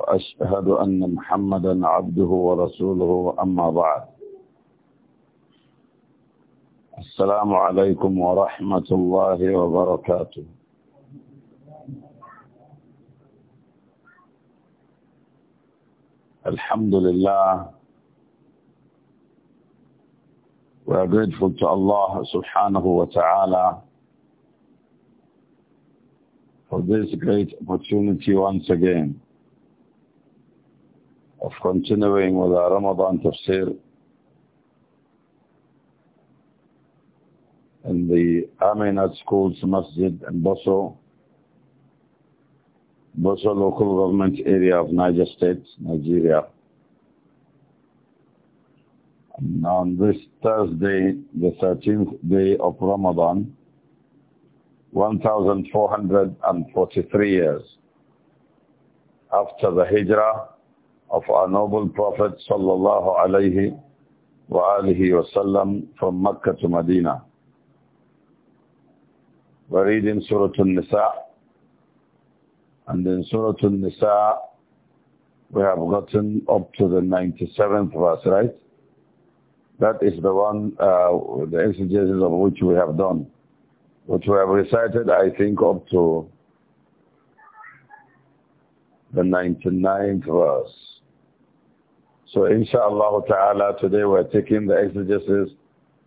وأشهد أن محمدا عبده ورسوله أما بعد السلام عليكم ورحمة الله وبركاته لله We are grateful to Allah subhanahu wa ta'ala for this great opportunity once again. of continuing with our Ramadan tafsir in the Aminat Schools Masjid in Boso, Boso local government area of Niger State, Nigeria. And on this Thursday, the 13th day of Ramadan, 1443 years after the Hijrah of our noble Prophet sallallahu alaihi wasallam from Mecca to Medina. We're reading Surah An-Nisa and in Surah An-Nisa we have gotten up to the 97th verse, right? That is the one, uh, the exegesis of which we have done, which we have recited, I think, up to the 99th verse. So inshallah ta'ala, today we're taking the exegesis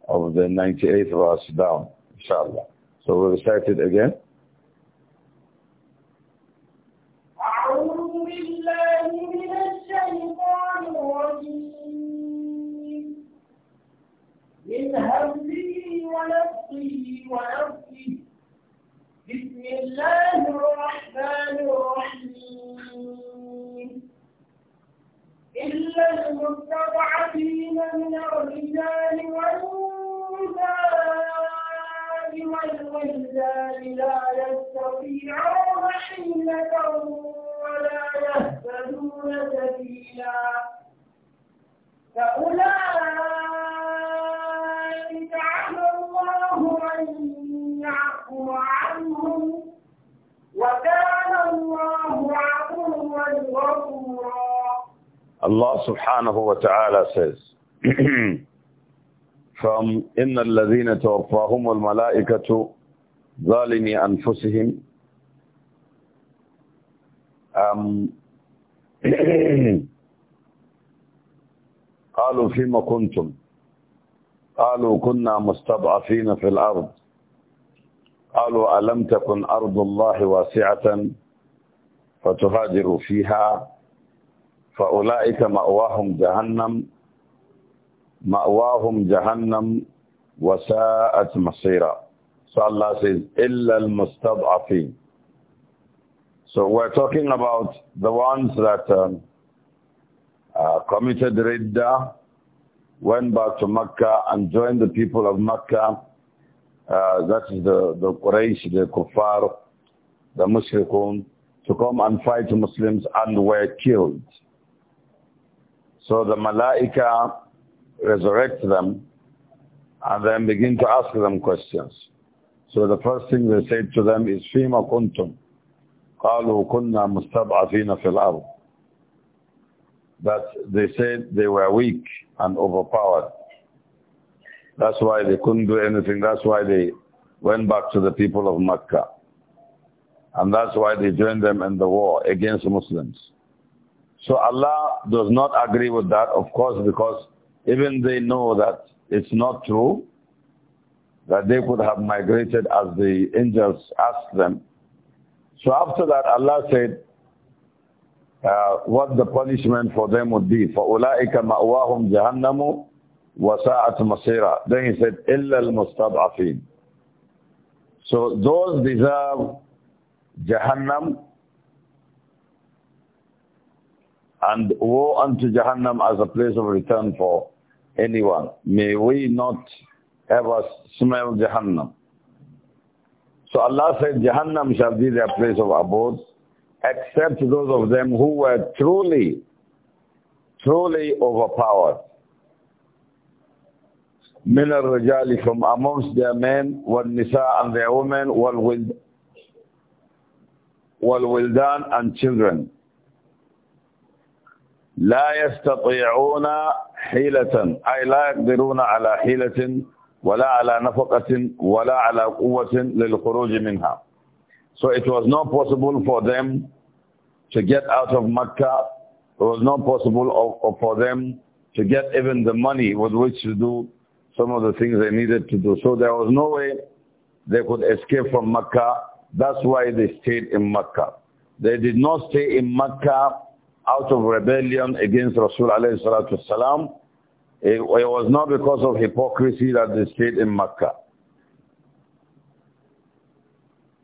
of the 98th verse down, inshallah. So we'll recite it again. بسم الله الرحمن إلا المستضعفين من الرجال والنساء والولدان لا يستطيعون حيلة ولا يهتدون سبيلا فأولئك Allah subhanahu wa ta'ala says from إِنَّ الَّذِينَ تَوَفَّاهُمُ الْمَلَائِكَةُ ظَالِمِ أَنفُسِهِمْ um, قالوا فيما كنتم قالوا كنا مستضعفين في الأرض قالوا ألم تكن أرض الله واسعة فتهاجروا فيها فأولئك مأواهم جهنم مأواهم جهنم وساءت مصيرا So Allah says, إِلَّا الْمُسْتَضْعَفِينَ So we're talking about the ones that um, uh, committed ridda, went back to Mecca and joined the people of Mecca. Uh, that is the, the Quraysh, the Kuffar, the Mushrikun, to come and fight Muslims and were killed. So the malaika resurrect them and then begin to ask them questions. So the first thing they said to them is, Fima kuntum. قَالُوا كُنَّا مُسْتَضْعَفِينَ فِي الْأَرْضِ That they said they were weak and overpowered. That's why they couldn't do anything. That's why they went back to the people of Mecca. And that's why they joined them in the war against Muslims. So Allah does not agree with that, of course, because even they know that it's not true, that they could have migrated as the angels asked them. So after that, Allah said uh, what the punishment for them would be. فَأُولَٰئِكَ مَأْوَاهُمْ جَهَنَّمُ وَسَاءَتْ مَصِيرًا Then he said, إِلَّا الْمُسْتَضْعَفِينَ So those deserve Jahannam And woe unto Jahannam as a place of return for anyone. May we not ever smell Jahannam. So Allah said, Jahannam shall be their place of abode, except those of them who were truly, truly overpowered. من rajali from amongst their men nisa and their women والولد wildan and children لا يستطيعون حيلة أي لا يقدرون على حيلة ولا على نفقة ولا على قوة للخروج منها. So it was not possible for them to get out of Mecca. It was not possible for them to get even the money with which to do some of the things they needed to do. So there was no way they could escape from Mecca. That's why they stayed in Mecca. They did not stay in Mecca out of rebellion against Rasul alayhi salatu salam. It, was not because of hypocrisy that they stayed in Makkah.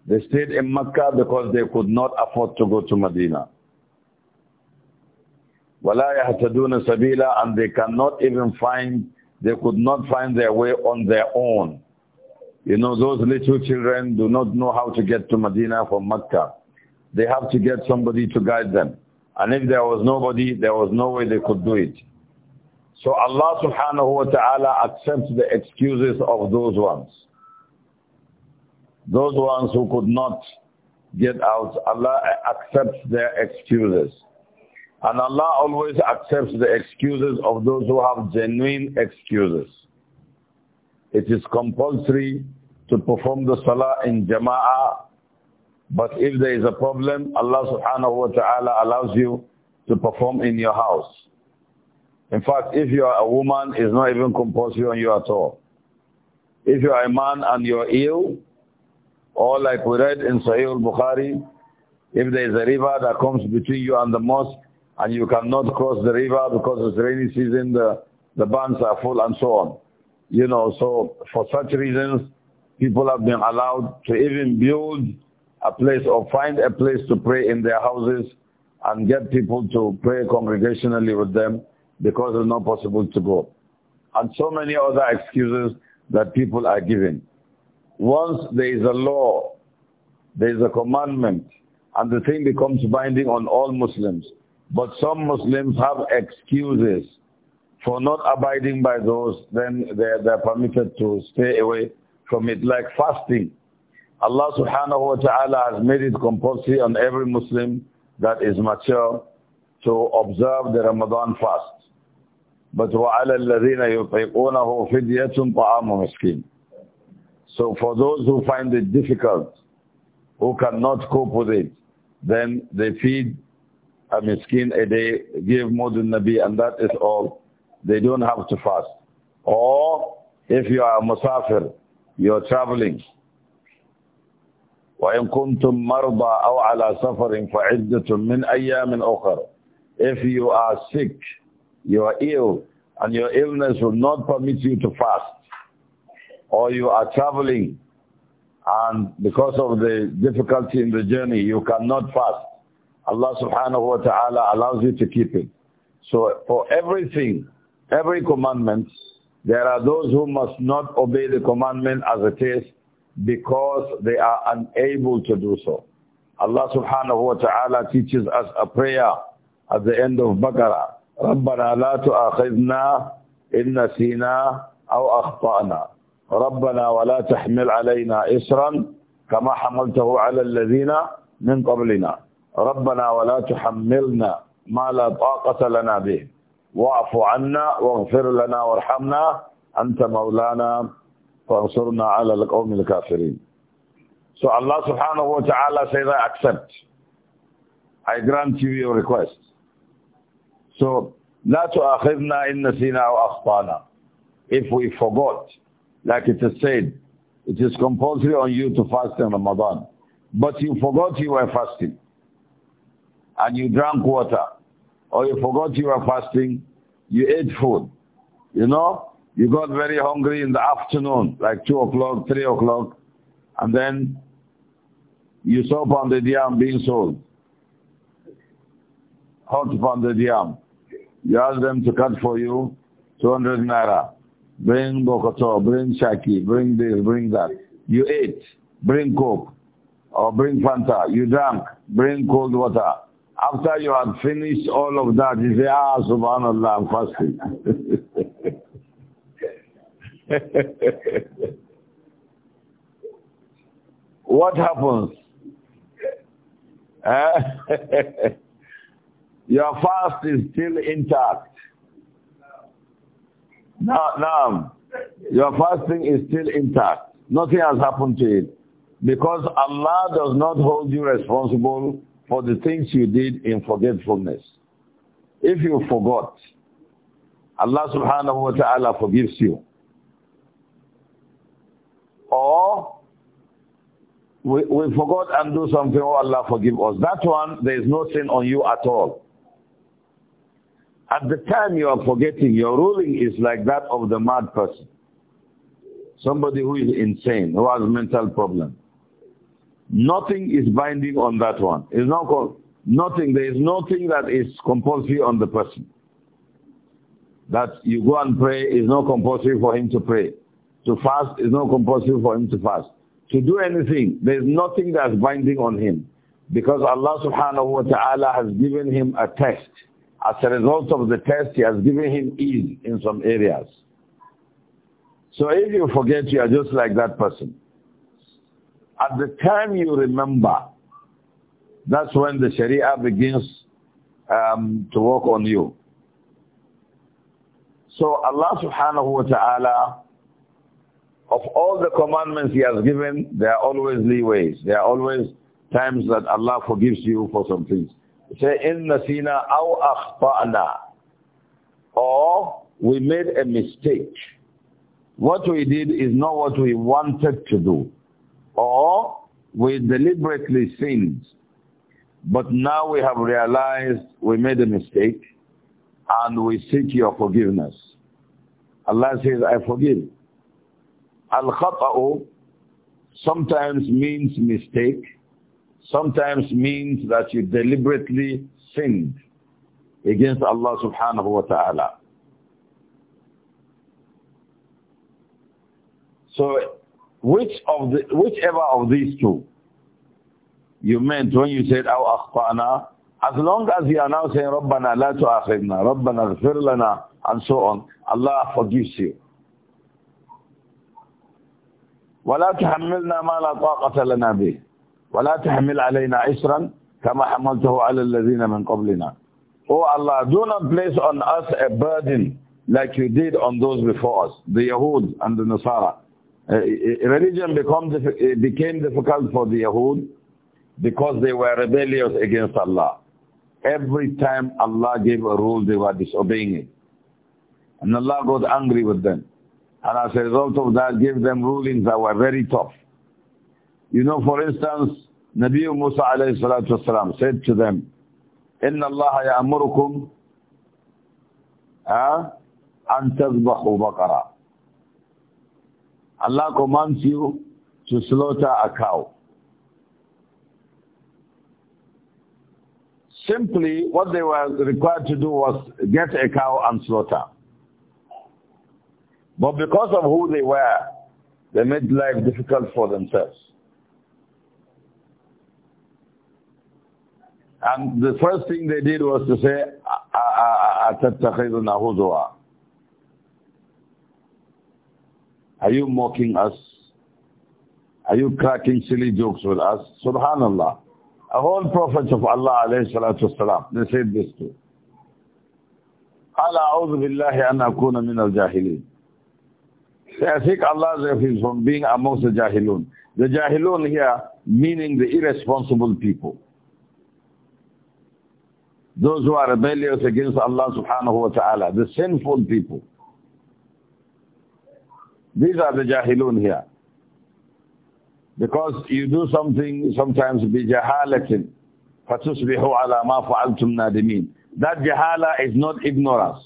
They stayed in Makkah because they could not afford to go to Medina. وَلَا يَهْتَدُونَ سَبِيلًا And they cannot even find, they could not find their way on their own. You know, those little children do not know how to get to Medina from Makkah. They have to get somebody to guide them. And if there was nobody, there was no way they could do it. So Allah subhanahu wa ta'ala accepts the excuses of those ones. Those ones who could not get out, Allah accepts their excuses. And Allah always accepts the excuses of those who have genuine excuses. It is compulsory to perform the salah in jama'ah but if there is a problem, Allah subhanahu wa ta'ala allows you to perform in your house. In fact, if you are a woman, it's not even compulsory on you at all. If you are a man and you're ill, or like we read in Sahih al-Bukhari, if there is a river that comes between you and the mosque, and you cannot cross the river because it's rainy season, the, the bands are full and so on. You know, so for such reasons, people have been allowed to even build a place or find a place to pray in their houses and get people to pray congregationally with them because it's not possible to go. And so many other excuses that people are giving. Once there is a law, there is a commandment, and the thing becomes binding on all Muslims. But some Muslims have excuses for not abiding by those, then they're, they're permitted to stay away from it, like fasting. Allah subhanahu wa ta'ala has made it compulsory on every Muslim that is mature to observe the Ramadan fast. But وَعَلَى الَّذِينَ يُطْعِقُونَهُ فِدْيَةٌ طَعَامُ مِسْكِينٌ So for those who find it difficult, who cannot cope with it, then they feed a miskin a day, give than Nabi, and that is all. They don't have to fast. Or if you are a musafir, you are traveling, وإن كنتم مرضى أو على سفر فعدة من أيام أُخْرَىَ If you are sick, you are ill, and your illness will not permit you to fast, or you are traveling, and because of the difficulty in the journey, you cannot fast. Allah subhanahu wa ta'ala allows you to keep it. So for everything, every commandment, there are those who must not obey the commandment as it is, because they are unable to do so. Allah subhanahu wa ta'ala teaches us a prayer at the end of Baqarah. رَبَّنَا لَا تُؤَاخِذْنَا إِن نَّسِينَا أَوْ أَخْطَأْنَا رَبَّنَا وَلَا تَحْمِلْ عَلَيْنَا إِصْرًا كَمَا حَمَلْتَهُ عَلَى الَّذِينَ مِن قَبْلِنَا رَبَّنَا وَلَا تُحَمِّلْنَا مَا لَا طَاقَةَ لَنَا بِهِ وَاعْفُ عَنَّا وَاغْفِرْ لَنَا وَارْحَمْنَا أَنْتَ مَوْلَانَا فَأَنْصُرْنَا عَلَى الْقَوْمِ الْكَافِرِينَ So Allah subhanahu wa ta'ala says, I accept. I grant you your request. So, لَا تُؤَخِذْنَا إِن نَسِينَا وَأَخْطَانَا If we forgot, like it is said, it is compulsory on you to fast in Ramadan. But you forgot you were fasting. And you drank water. Or you forgot you were fasting. You ate food. You know? You got very hungry in the afternoon, like 2 o'clock, 3 o'clock, and then you saw pounded yam being sold. Hot pounded yam. You ask them to cut for you 200 naira. Bring bokoto, bring shaki, bring this, bring that. You ate, bring coke, or bring Fanta. You drank, bring cold water. After you had finished all of that, you say, ah, subhanallah, I'm fasting. what happens? Eh? Your fast is still intact. Now, now, your fasting is still intact. Nothing has happened to it. Because Allah does not hold you responsible for the things you did in forgetfulness. If you forgot, Allah subhanahu wa ta'ala forgives you. Or we, we forgot and do something, oh Allah forgive us. That one, there is no sin on you at all. At the time you are forgetting, your ruling is like that of the mad person. Somebody who is insane, who has mental problem. Nothing is binding on that one. It's not called, nothing, there is nothing that is compulsory on the person. That you go and pray is not compulsory for him to pray. To fast is not compulsory for him to fast. To do anything, there is nothing that's binding on him. Because Allah subhanahu wa ta'ala has given him a test. As a result of the test, he has given him ease in some areas. So if you forget, you are just like that person. At the time you remember, that's when the Sharia begins um, to work on you. So Allah subhanahu wa ta'ala of all the commandments he has given, there are always leeways. There are always times that Allah forgives you for some things. Say, in nasina aw akhtana. Or we made a mistake. What we did is not what we wanted to do. Or we deliberately sinned. But now we have realized we made a mistake and we seek your forgiveness. Allah says, I forgive. Al-khata'u sometimes means mistake, sometimes means that you deliberately sinned against Allah subhanahu wa ta'ala. So which of the, whichever of these two you meant when you said, أَوْ أَخْطَأْنَا as long as you are now saying, رَبَّنَا لَا تُعَخِذْنَا رَبَّنَا اغْفِرْ لَنَا and so on, Allah forgives you. ولا تحملنا ما لا طاقة لنا به ولا تحمل علينا عسرا كما حملته على الذين من قبلنا Oh Allah, do not place on us a burden like you did on those before us, the Yahud and the Nasara. religion became difficult for the Yahud because they were rebellious against Allah. Every time Allah gave a rule, they were disobeying it. And Allah got angry with them. And as a result of that, gave them rulings that were very tough. You know, for instance, Nabi Musa alayhi salatu wasalam said to them, "Inna Allah يَأْمُرُكُمْ أَن تَذْبَحُوا بَقَرًا Allah commands you to slaughter a cow. Simply, what they were required to do was get a cow and slaughter. But because of who they were, they made life difficult for themselves. And the first thing they did was to say, أَتَتَّخِذُنَا Are you mocking us? Are you cracking silly jokes with us? Subhanallah. A whole prophet of Allah alayhi salatu wasalam, they said this too. قال أعوذ بالله أن أكون من الجاهلين I think Allah refrains from being amongst the Jahilun. The Jahilun here meaning the irresponsible people. Those who are rebellious against Allah subhanahu wa ta'ala, the sinful people. These are the Jahilun here. Because you do something sometimes bijahalatin, فَتُصْبِحُ عَلَى مَا فَعَلْتُمْ نَادِمِينَ That jahala is not ignorance.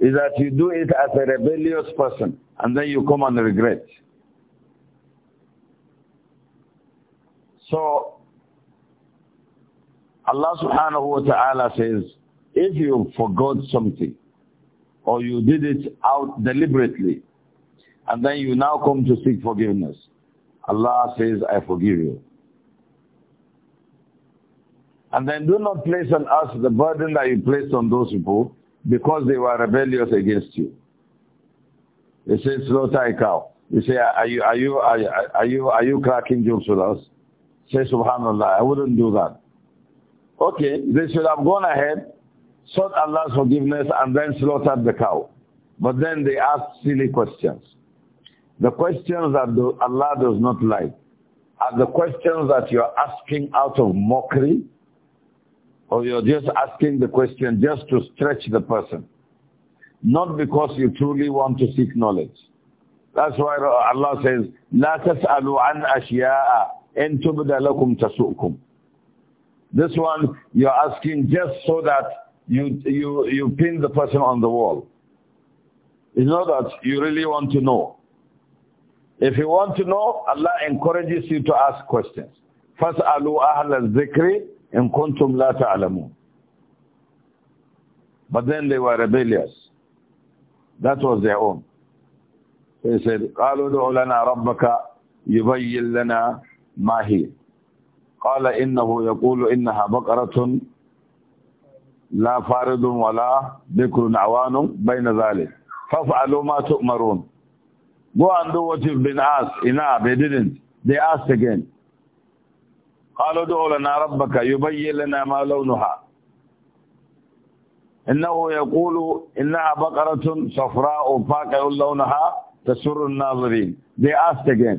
Is that you do it as a rebellious person and then you come and regret. So Allah subhanahu wa ta'ala says, if you forgot something or you did it out deliberately and then you now come to seek forgiveness, Allah says, I forgive you. And then do not place on us the burden that you placed on those people because they were rebellious against you. He says, slaughter a cow. You say, are you, are you, are you, are you, cracking jokes with us? Say, subhanallah, I wouldn't do that. Okay, they should have gone ahead, sought Allah's forgiveness and then slaughtered the cow. But then they asked silly questions. The questions that Allah does not like are the questions that you're asking out of mockery or you're just asking the question just to stretch the person not because you truly want to seek knowledge. That's why Allah says, لا تسألوا عن أشياء إن تبد لكم تسؤكم. This one, you're asking just so that you, you, you pin the person on the wall. It's not that you really want to know. If you want to know, Allah encourages you to ask questions. فَاسْأَلُوا أَهْلَ الذِّكْرِ إِن كُنْتُمْ لَا تَعْلَمُونَ But then they were rebellious. That was their own. They said, قَالُوا دُعُ لَنَا رَبَّكَ يُبَيِّلْ لَنَا مَا هِيَ قال إنه يقول إنها بقرة لا فارض ولا بكر عوان بين ذلك فافعلوا ما تؤمرون Go and do what you've been asked. Enough, they didn't. They asked again. قالوا دعوا لنا ربك يبين لنا ما لونها إنه يقول إنها بقرة صفراء فاقع لونها تسر الناظرين They asked again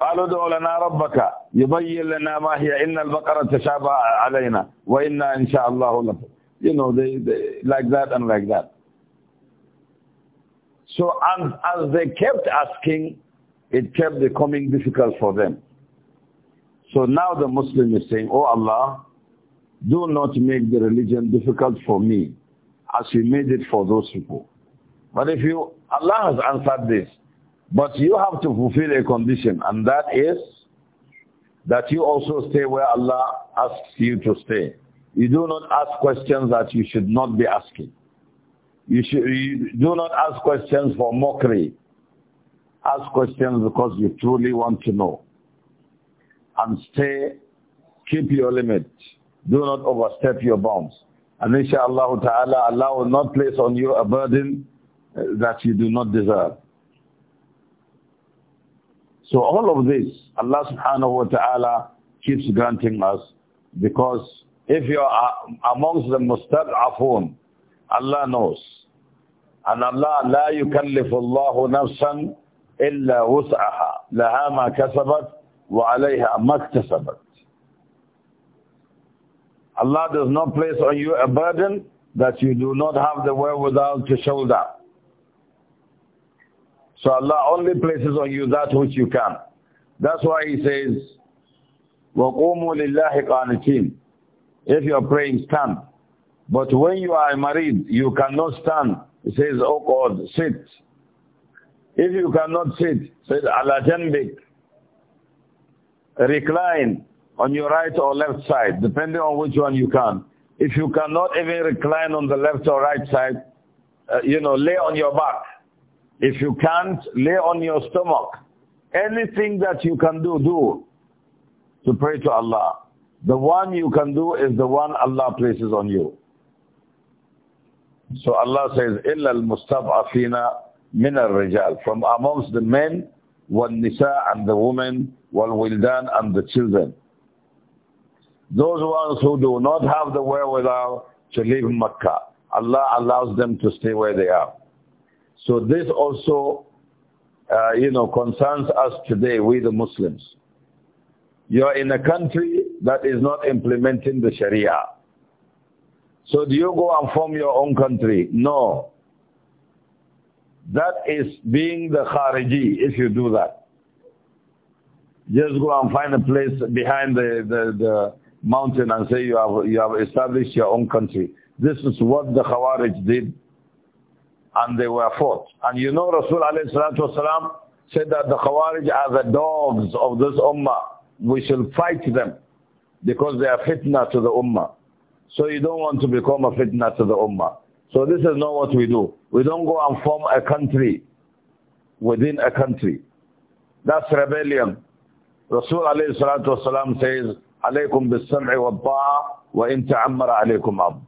قالوا ادعوا لنا ربك يبين لنا ما هي إن البقرة تشابه علينا وإنا إن شاء الله لفظ You know, they, they, like that and like that. So and as they kept asking, it kept becoming difficult for them. So now the Muslim is saying, Oh Allah, Do not make the religion difficult for me as you made it for those people. But if you, Allah has answered this, but you have to fulfill a condition and that is that you also stay where Allah asks you to stay. You do not ask questions that you should not be asking. You, should, you do not ask questions for mockery. Ask questions because you truly want to know. And stay, keep your limit. Do not overstep your bounds. And inshallah ta'ala, Allah will not place on you a burden uh, that you do not deserve. So all of this, Allah subhanahu wa ta'ala keeps granting us because if you are amongst the mustad'afun, Allah knows. And Allah, لا يكلف الله نفسا إلا وسعها لها ما كسبت وعليها ما اكتسبت. Allah does not place on you a burden that you do not have the wherewithal to shoulder. So Allah only places on you that which you can. That's why He says, وَقُومُوا لِلَّهِ قَانِتِينَ If you are praying, stand. But when you are married, you cannot stand. He says, oh God, sit. If you cannot sit, says, عَلَى جَنْبِكَ Recline on your right or left side, depending on which one you can. If you cannot even recline on the left or right side, uh, you know, lay on your back. If you can't, lay on your stomach. Anything that you can do, do to pray to Allah. The one you can do is the one Allah places on you. So Allah says, إِلَّا الْمُسْتَضْعَفِينَ مِنَ الرِّجَالِ From amongst the men, nisa' and the women, wildan and the children. Those ones who do not have the wherewithal to leave Mecca, Allah allows them to stay where they are. So this also, uh, you know, concerns us today, we the Muslims. You're in a country that is not implementing the Sharia. So do you go and form your own country? No. That is being the Khariji if you do that. Just go and find a place behind the, the, mountain and say you have, you have established your own country. This is what the Khawarij did and they were fought. And you know Rasul alayhi said that the Khawarij are the dogs of this ummah. We shall fight them because they are fitna to the ummah. So you don't want to become a fitna to the ummah. So this is not what we do. We don't go and form a country within a country. That's rebellion. Rasul alayhi salatu wasalam says, عليكم بالسمع والطاعة وإن تعمر عليكم عبد.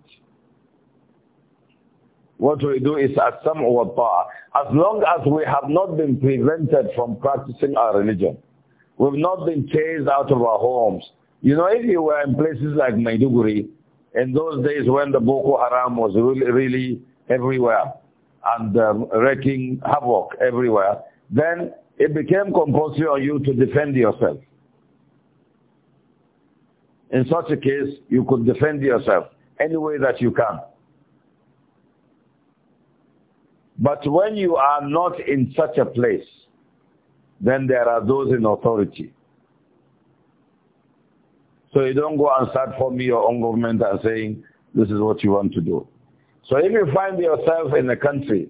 What we do is as-sam'u As long as we have not been prevented from practicing our religion, we've not been chased out of our homes. You know, if you were in places like Maiduguri, in those days when the Boko Haram was really, really everywhere and um, wreaking havoc everywhere, then it became compulsory on you to defend yourself. In such a case, you could defend yourself any way that you can. But when you are not in such a place, then there are those in authority. So you don't go and start me your own government and saying, this is what you want to do. So if you find yourself in a country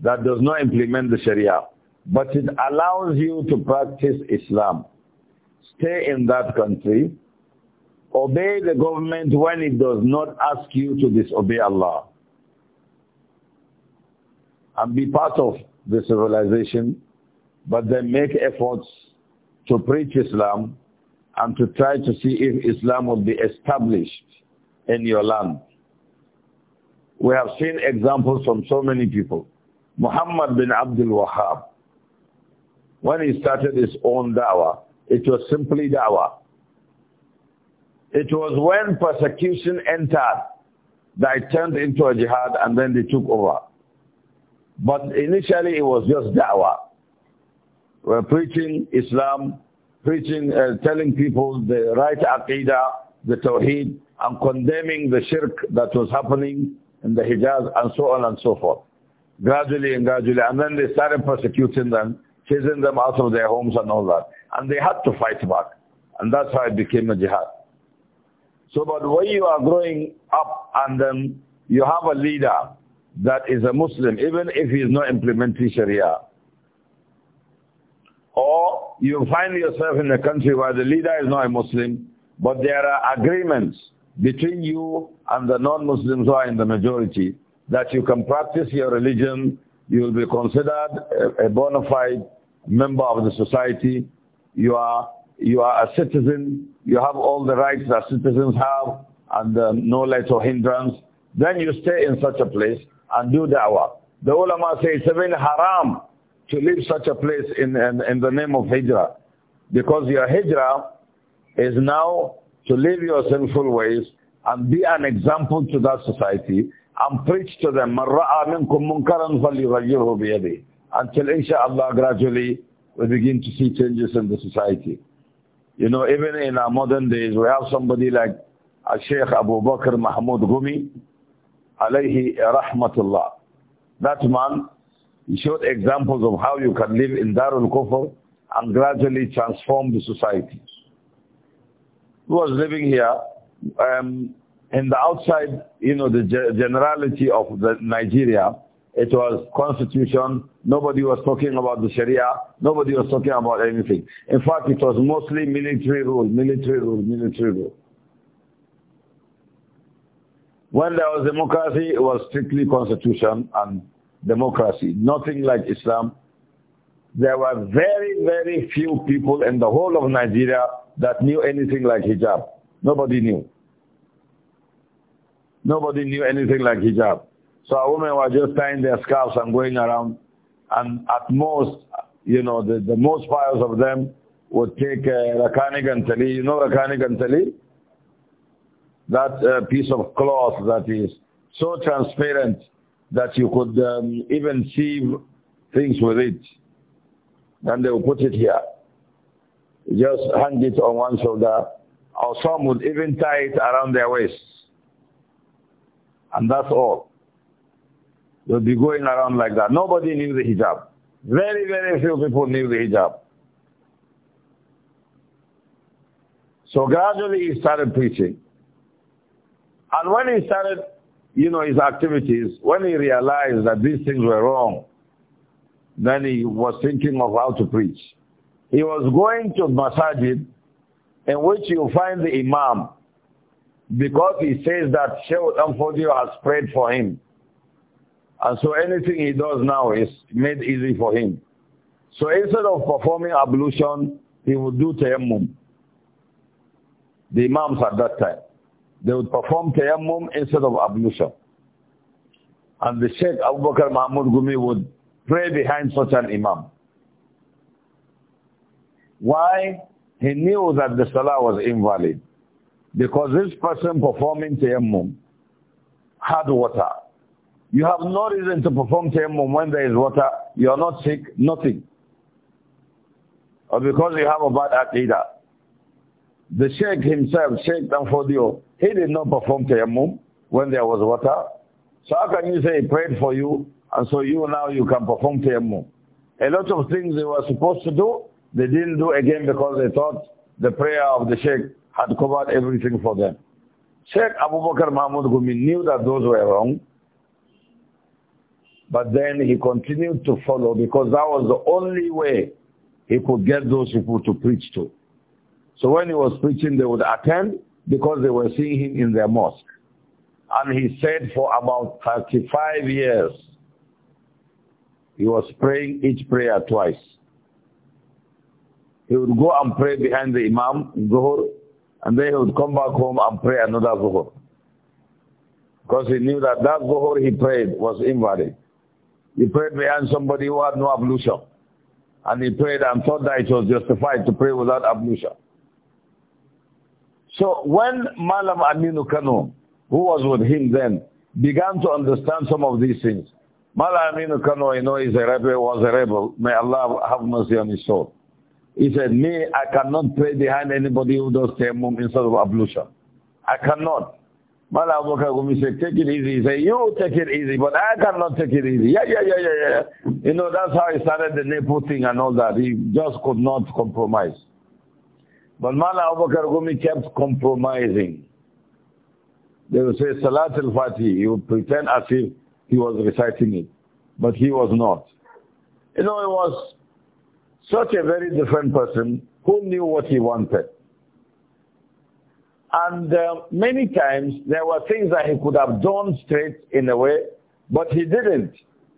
that does not implement the Sharia, but it allows you to practice Islam, stay in that country Obey the government when it does not ask you to disobey Allah. And be part of the civilization, but then make efforts to preach Islam and to try to see if Islam will be established in your land. We have seen examples from so many people. Muhammad bin Abdul Wahab, when he started his own da'wah, it was simply da'wah. It was when persecution entered that it turned into a jihad and then they took over. But initially it was just da'wah. We're preaching Islam, preaching, uh, telling people the right aqidah, the tawheed, and condemning the shirk that was happening in the Hijaz and so on and so forth. Gradually and gradually. And then they started persecuting them, chasing them out of their homes and all that. And they had to fight back. And that's how it became a jihad. So, but when you are growing up and then you have a leader that is a Muslim, even if he is not implementing Sharia, or you find yourself in a country where the leader is not a Muslim, but there are agreements between you and the non-Muslims who are in the majority that you can practice your religion, you will be considered a bona fide member of the society, you are you are a citizen, you have all the rights that citizens have and um, no let or hindrance, then you stay in such a place and do da'wah. The ulama say it's even haram to leave such a place in, in, in the name of hijrah because your hijrah is now to live your sinful ways and be an example to that society and preach to them until inshaAllah gradually we begin to see changes in the society. You know, even in our modern days, we have somebody like Sheikh Abu Bakr Mahmoud Gumi, alayhi rahmatullah. That man showed examples of how you can live in Darul Kufr and gradually transform the society. He was living here um, in the outside, you know, the generality of the Nigeria, it was constitution. Nobody was talking about the Sharia. Nobody was talking about anything. In fact, it was mostly military rule, military rule, military rule. When there was democracy, it was strictly constitution and democracy. Nothing like Islam. There were very, very few people in the whole of Nigeria that knew anything like hijab. Nobody knew. Nobody knew anything like hijab. So a women were just tying their scarves and going around. And at most, you know, the, the most pious of them would take uh, Rakani Gantali. You know Rakani Gantali? That uh, piece of cloth that is so transparent that you could um, even see things with it. And they would put it here. Just hang it on one shoulder. Or some would even tie it around their waist. And that's all. They'll be going around like that. Nobody knew the hijab. Very, very few people knew the hijab. So gradually he started preaching. And when he started, you know, his activities, when he realized that these things were wrong, then he was thinking of how to preach. He was going to masajid in which you find the imam because he says that Shaykh Amfodio has prayed for him. And so anything he does now is made easy for him. So instead of performing ablution, he would do tayammum. The imams at that time. They would perform tayammum instead of ablution. And the Sheikh Abu Bakr Mahmud Gumi would pray behind such an imam. Why? He knew that the salah was invalid. Because this person performing tayammum had water. You have no reason to perform tayammum when there is water. You are not sick, nothing. Or because you have a bad aqidah. The sheikh himself, Sheikh Danfodio, he did not perform tayammum when there was water. So how can you say he prayed for you and so you now you can perform tayammum? A lot of things they were supposed to do, they didn't do again because they thought the prayer of the sheikh had covered everything for them. Sheikh Abu Bakr Mahmud Gumi knew that those were wrong but then he continued to follow because that was the only way he could get those people to preach to. So when he was preaching, they would attend because they were seeing him in their mosque. And he said for about 35 years, he was praying each prayer twice. He would go and pray behind the imam, Zuhur, and then he would come back home and pray another Zuhur. Because he knew that that Zuhur he prayed was invalid. He prayed behind somebody who had no ablution. And he prayed and thought that it was justified to pray without ablution. So when Malam Aminu Kanu, who was with him then, began to understand some of these things, Malam Aminu Kanu, you know, is a rebel, was a rebel. May Allah have mercy on his soul. He said, me, I cannot pray behind anybody who does tayammum instead of ablution. I cannot. Mala Abu Bakr said, take it easy. He said, you take it easy, but I cannot take it easy. Yeah, yeah, yeah, yeah, yeah. You know, that's how he started the Nepal thing and all that. He just could not compromise. But Mala Abu Bakr kept compromising. They would say Salat al-Fatih. He would pretend as if he was reciting it, but he was not. You know, he was such a very different person who knew what he wanted. And uh, many times there were things that he could have done straight in a way, but he didn't.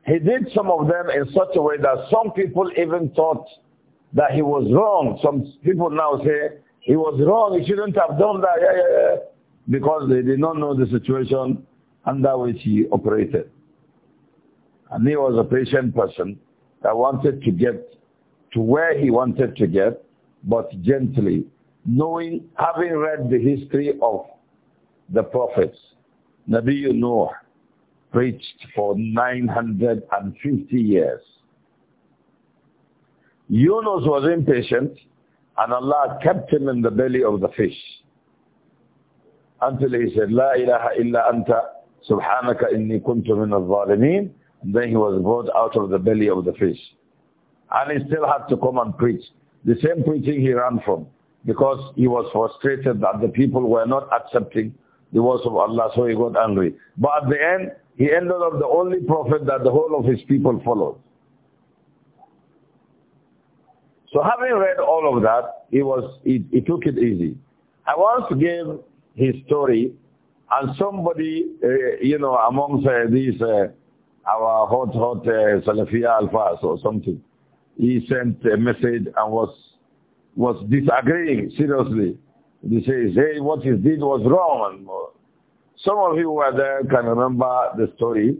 He did some of them in such a way that some people even thought that he was wrong. Some people now say he was wrong. He shouldn't have done that. Yeah, yeah, yeah. Because they did not know the situation under which he operated. And he was a patient person that wanted to get to where he wanted to get, but gently knowing, having read the history of the prophets, Nabi Noah preached for 950 years. Yunus was impatient and Allah kept him in the belly of the fish until he said, La ilaha illa anta subhanaka inni kuntu min al-zalimin. Then he was brought out of the belly of the fish. And he still had to come and preach. The same preaching he ran from because he was frustrated that the people were not accepting the words of Allah, so he got angry. But at the end, he ended up the only prophet that the whole of his people followed. So having read all of that, he, was, he, he took it easy. I once gave his story, and somebody, uh, you know, amongst uh, these, uh, our hot, hot uh, Alfas or something, he sent a message and was was disagreeing seriously. They say, hey, what he did was wrong. Some of you who were there can remember the story,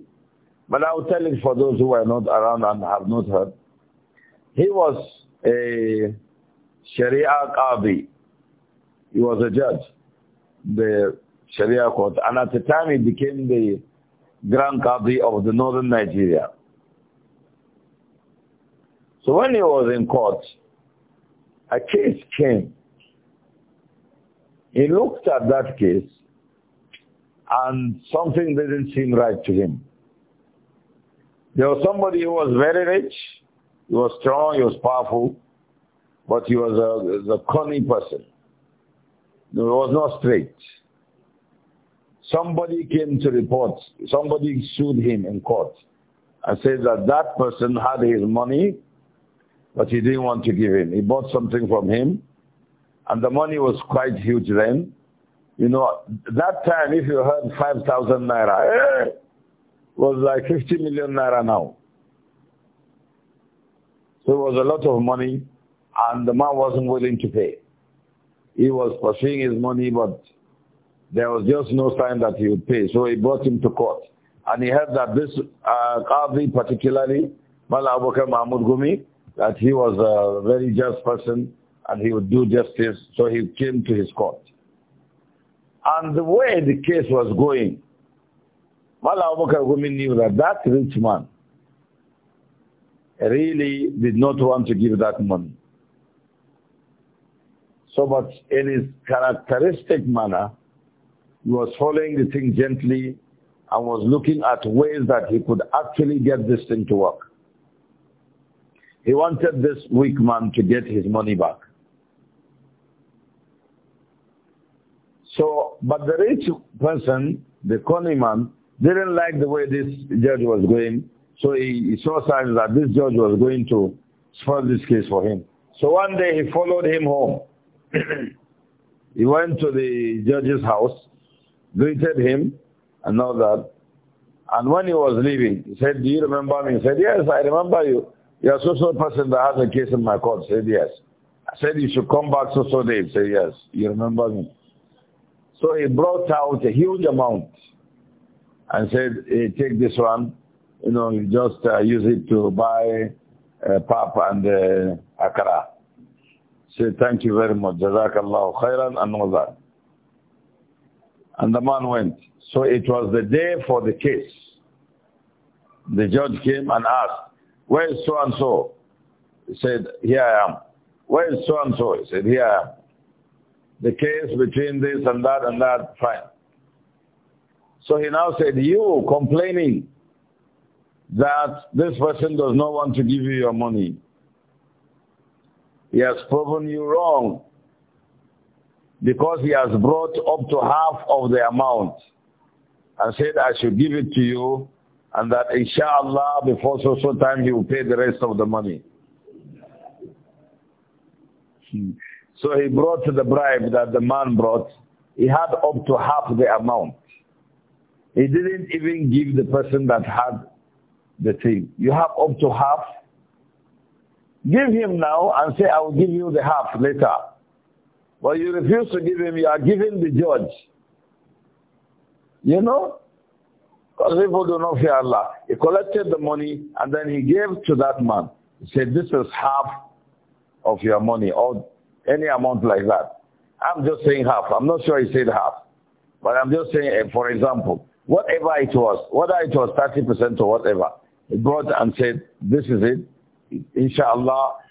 but I'll tell it for those who were not around and have not heard. He was a Sharia Qadi. He was a judge, the Sharia court. And at the time he became the Grand Qadi of the Northern Nigeria. So when he was in court, a case came. He looked at that case and something didn't seem right to him. There was somebody who was very rich, he was strong, he was powerful, but he was a, a cunning person. He was not straight. Somebody came to report, somebody sued him in court and said that that person had his money but he didn't want to give him. He bought something from him, and the money was quite huge then. You know, that time if you heard 5,000 naira, eh, was like 50 million naira now. So it was a lot of money, and the man wasn't willing to pay. He was pursuing his money, but there was just no sign that he would pay. So he brought him to court. And he heard that this uh, particularly, Mala Abu Mahmoud Gumi, that he was a very just person and he would do justice, so he came to his court. And the way the case was going, Mala Abubakar Gumi knew that that rich man really did not want to give that money. So but in his characteristic manner, he was following the thing gently and was looking at ways that he could actually get this thing to work. He wanted this weak man to get his money back. So, but the rich person, the coney man, didn't like the way this judge was going. So he, he saw signs that this judge was going to spoil this case for him. So one day he followed him home. he went to the judge's house, greeted him, and all that. And when he was leaving, he said, do you remember me? He said, yes, I remember you. You're so so person that has a case in my court said yes. I said you should come back so so day. Said yes. You remember me? So he brought out a huge amount and said, hey, take this one. You know, you just uh, use it to buy uh, pap and uh, akara. Say thank you very much. Jazakallah khairan and all that. And the man went. So it was the day for the case. The judge came and asked, where is so and so? He said, Here I am. Where is so and so? He said, Here I am. The case between this and that and that, fine. So he now said, You complaining that this person does not want to give you your money. He has proven you wrong because he has brought up to half of the amount and said, I should give it to you and that inshallah before so so time he will pay the rest of the money. So he brought the bribe that the man brought. He had up to half the amount. He didn't even give the person that had the thing. You have up to half. Give him now and say, I will give you the half later. But you refuse to give him, you are giving the judge. You know? Because people do not fear Allah. He collected the money and then he gave to that man. He said, this is half of your money or any amount like that. I'm just saying half. I'm not sure he said half. But I'm just saying, eh, for example, whatever it was, whether it was 30% or whatever, he brought and said, this is it. Inshallah,